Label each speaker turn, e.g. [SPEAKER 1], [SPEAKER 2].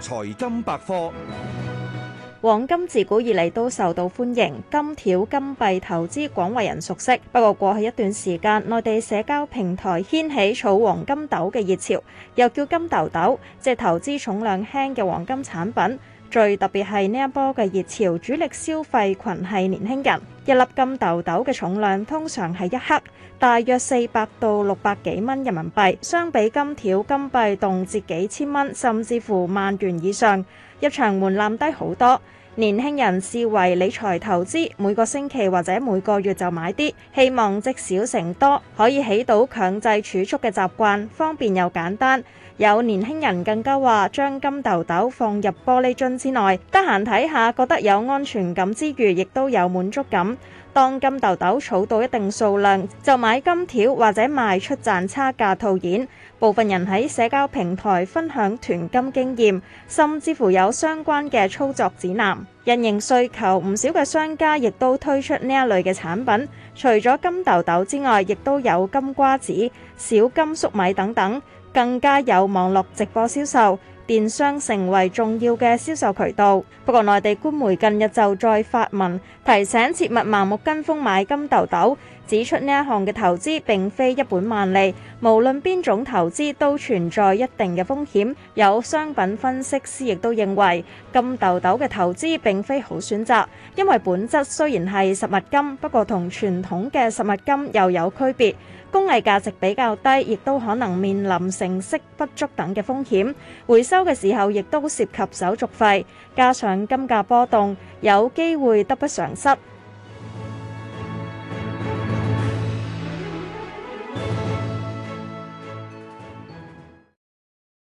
[SPEAKER 1] 財金百科，黃金自古以嚟都受到歡迎，金條、金幣投資廣為人熟悉。不過過去一段時間，內地社交平台掀起儲黃金豆嘅熱潮，又叫金豆豆，即係投資重量輕嘅黃金產品。最特別係呢一波嘅熱潮，主力消費群，係年輕人。一粒金豆豆嘅重量通常係一克，大約四百到六百幾蚊人民幣，相比金條、金幣動輒幾千蚊，甚至乎萬元以上，入場門檻低好多。年輕人視為理財投資，每個星期或者每個月就買啲，希望積少成多，可以起到強制儲蓄嘅習慣，方便又簡單。有年輕人更加話將金豆豆放入玻璃樽之內，得閒睇下，覺得有安全感之餘，亦都有滿足感。當金豆豆儲到一定數量，就買金條或者賣出賺差價套現。部分人喺社交平台分享囤金經驗，甚至乎有相關嘅操作指南。人形需求唔少嘅商家亦都推出呢一類嘅產品，除咗金豆豆之外，亦都有金瓜子、小金粟米等等，更加有網絡直播銷售。電商成為重要嘅銷售渠道，不過內地官媒近日就再發文提醒，切勿盲目跟風買金豆豆，指出呢一項嘅投資並非一本萬利，無論邊種投資都存在一定嘅風險。有商品分析師亦都認為，金豆豆嘅投資並非好選擇，因為本質雖然係實物金，不過同傳統嘅實物金又有區別，工藝價值比較低，亦都可能面臨成色不足等嘅風險，回收。多嘅時候，亦都涉及手續費，加上金價波動，有機會得不償失。